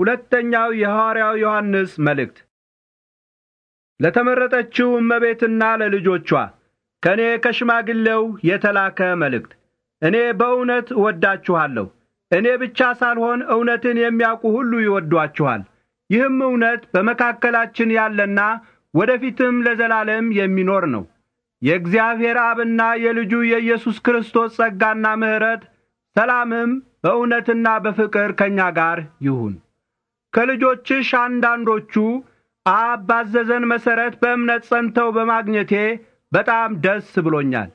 ሁለተኛው የሐዋርያው ዮሐንስ መልእክት ለተመረጠችው እመቤትና ለልጆቿ ከእኔ ከሽማግሌው የተላከ መልእክት። እኔ በእውነት እወዳችኋለሁ። እኔ ብቻ ሳልሆን እውነትን የሚያውቁ ሁሉ ይወዷችኋል። ይህም እውነት በመካከላችን ያለና ወደፊትም ለዘላለም የሚኖር ነው። የእግዚአብሔር አብና የልጁ የኢየሱስ ክርስቶስ ጸጋና ምሕረት ሰላምም በእውነትና በፍቅር ከእኛ ጋር ይሁን። ከልጆችሽ አንዳንዶቹ አብ ባዘዘን መሠረት በእምነት ጸንተው በማግኘቴ በጣም ደስ ብሎኛል።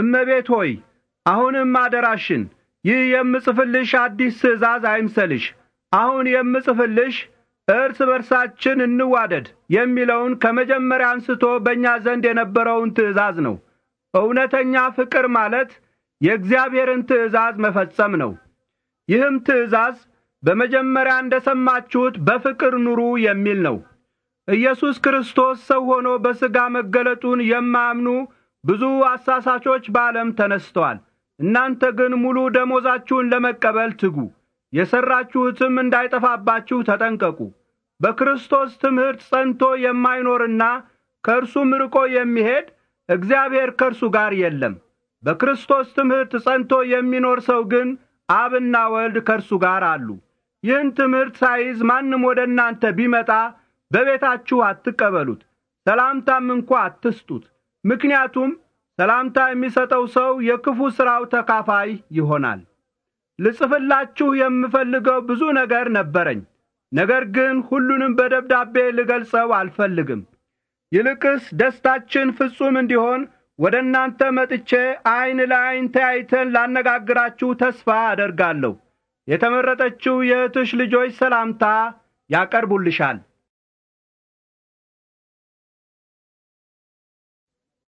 እመቤት ሆይ አሁንም አደራሽን ይህ የምጽፍልሽ አዲስ ትእዛዝ አይምሰልሽ። አሁን የምጽፍልሽ እርስ በርሳችን እንዋደድ የሚለውን ከመጀመሪያ አንስቶ በእኛ ዘንድ የነበረውን ትእዛዝ ነው። እውነተኛ ፍቅር ማለት የእግዚአብሔርን ትእዛዝ መፈጸም ነው። ይህም ትእዛዝ በመጀመሪያ እንደሰማችሁት በፍቅር ኑሩ የሚል ነው። ኢየሱስ ክርስቶስ ሰው ሆኖ በሥጋ መገለጡን የማያምኑ ብዙ አሳሳቾች በዓለም ተነስተዋል። እናንተ ግን ሙሉ ደሞዛችሁን ለመቀበል ትጉ፣ የሠራችሁትም እንዳይጠፋባችሁ ተጠንቀቁ። በክርስቶስ ትምህርት ጸንቶ የማይኖርና ከእርሱም ርቆ የሚሄድ እግዚአብሔር ከእርሱ ጋር የለም። በክርስቶስ ትምህርት ጸንቶ የሚኖር ሰው ግን አብና ወልድ ከእርሱ ጋር አሉ። ይህን ትምህርት ሳይዝ ማንም ወደ እናንተ ቢመጣ በቤታችሁ አትቀበሉት፣ ሰላምታም እንኳ አትስጡት። ምክንያቱም ሰላምታ የሚሰጠው ሰው የክፉ ሥራው ተካፋይ ይሆናል። ልጽፍላችሁ የምፈልገው ብዙ ነገር ነበረኝ፣ ነገር ግን ሁሉንም በደብዳቤ ልገልጸው አልፈልግም። ይልቅስ ደስታችን ፍጹም እንዲሆን ወደ እናንተ መጥቼ ዐይን ለዐይን ተያይተን ላነጋግራችሁ ተስፋ አደርጋለሁ። የተመረጠችው የእህትሽ ልጆች ሰላምታ ያቀርቡልሻል።